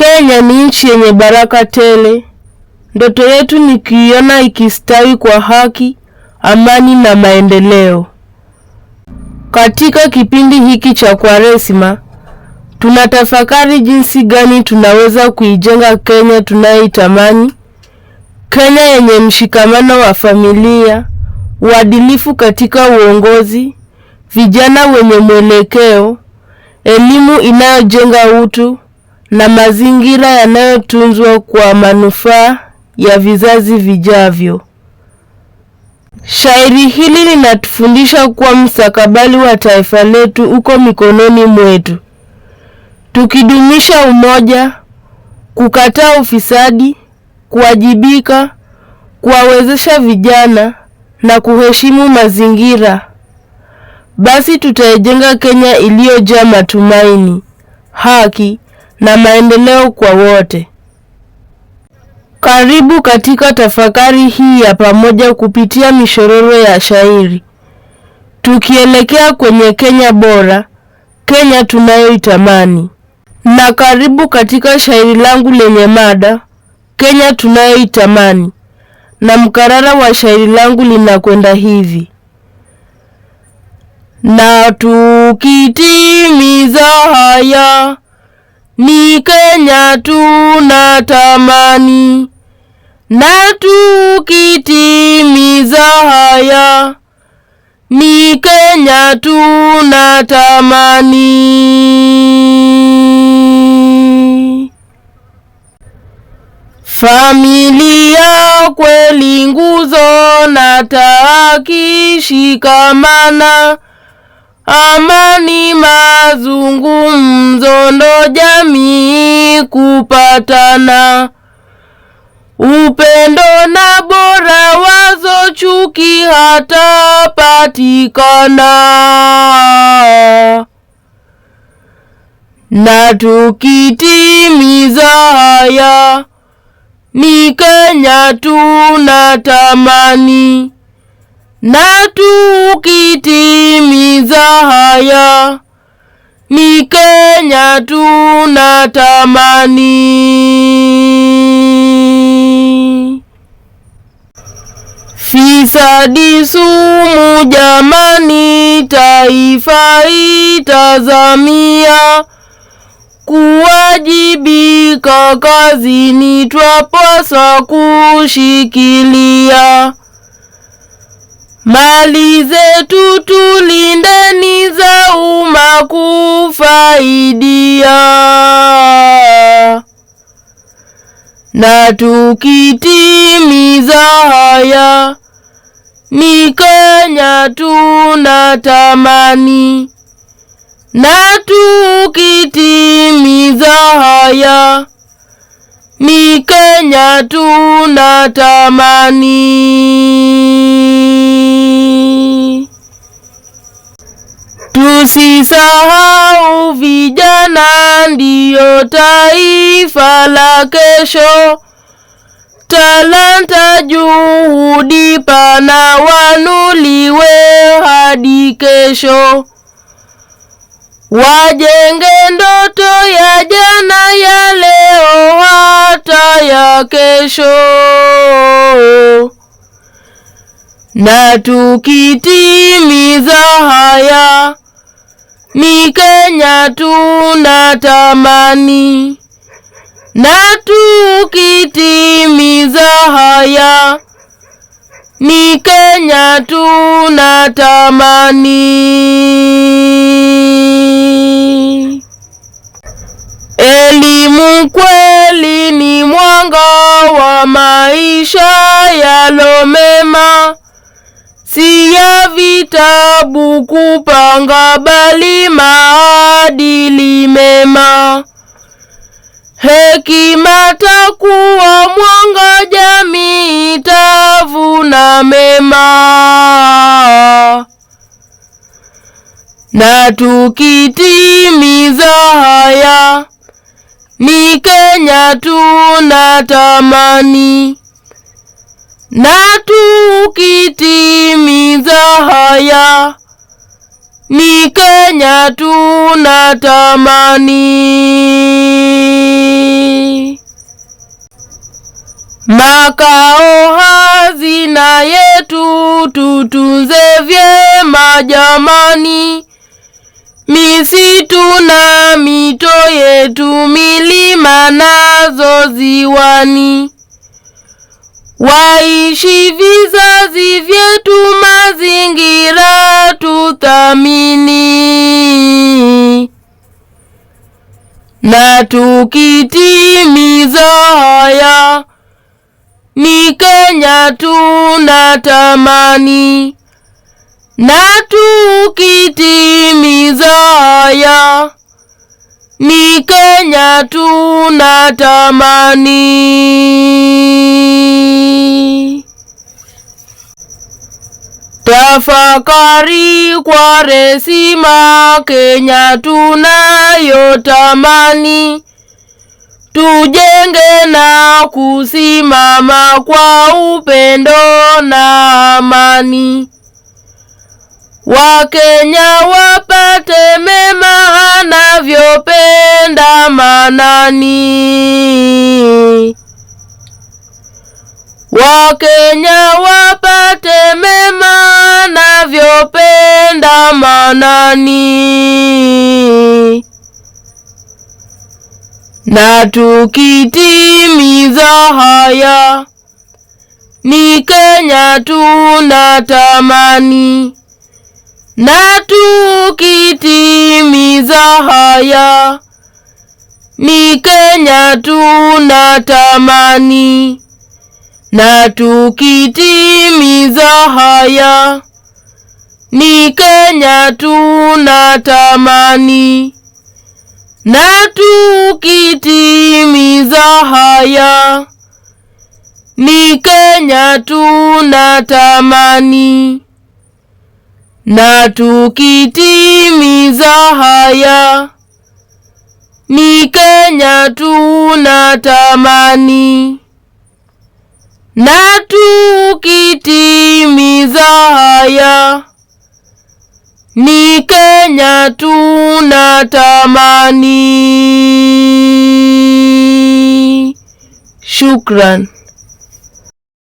Kenya ni nchi yenye baraka tele. Ndoto yetu ni kuiona ikistawi kwa haki, amani na maendeleo. Katika kipindi hiki cha Kwaresima, tunatafakari jinsi gani tunaweza kuijenga Kenya tunayoitamani, Kenya yenye mshikamano wa familia, uadilifu katika uongozi, vijana wenye mwelekeo, elimu inayojenga utu na mazingira yanayotunzwa kwa manufaa ya vizazi vijavyo. Shairi hili linatufundisha kuwa mstakabali wa taifa letu uko mikononi mwetu. Tukidumisha umoja, kukataa ufisadi, kuwajibika, kuwawezesha vijana na kuheshimu mazingira, basi tutaijenga Kenya iliyojaa matumaini, haki na maendeleo kwa wote. Karibu katika tafakari hii ya pamoja kupitia mishororo ya shairi, tukielekea kwenye Kenya bora, Kenya tunayoitamani. Na karibu katika shairi langu lenye mada Kenya tunayoitamani, na mkarara wa shairi langu linakwenda hivi: na tukitimiza haya ni Kenya tunatamani, na tukitimiza haya, ni Kenya tunatamani. Familia kweli nguzo na taakishikamana Amani, mazungumzo, ndo jamii kupatana. Upendo na bora wazo, chuki hatapatikana. Na tukitimiza haya, ni Kenya tunatamani na tukitimiza haya ni Kenya tunatamani. Fisadi sumu jamani, taifa itazamia kuwajibika, kazini twapaswa kushikilia Mali zetu tulindeni, umma kufaidia, na tukitimiza haya, ni Kenya tunatamani. Na tukitimiza haya, ni Kenya tunatamani. Tusisahau vijana ndiyo taifa la kesho. Talanta, juhudi pana wanuliwe hadi kesho. Wajenge ndoto ya jana, ya leo, hata ya kesho. Na tukitimiza haya ni Kenya tunatamani, na tukitimiza haya ni Kenya tunatamani. Elimu kwetu kitabu kupanga bali maadili mema. Hekima takuwa mwanga, jamii tavuna mema. Na tukitimiza haya, ni Kenya tunatamani na tukitimiza haya ni Kenya tunatamani. Makao hazina yetu, tutunze vyema jamani. Misitu na mito yetu, milima nazo ziwani Waishi vizazi vyetu, mazingira tuthamini, na tukitimiza haya ni Kenya tunatamani, na tukitimiza haya ni Kenya tunatamani. Tafakari kwa resima Kenya tunayotamani, tujenge na kusimama kwa upendo na amani. Wakenya wapate mema anavyopenda Manani. Wakenya wapate mema navyopenda Manani, na tukitimiza haya ni Kenya tunatamani, na tukitimiza haya ni Kenya tunatamani na tukitimiza haya ni Kenya tunatamani, na tukitimiza haya ni Kenya tunatamani, na tukitimiza haya ni Kenya tunatamani na tukitimiza haya ni Kenya tunatamani. Shukran.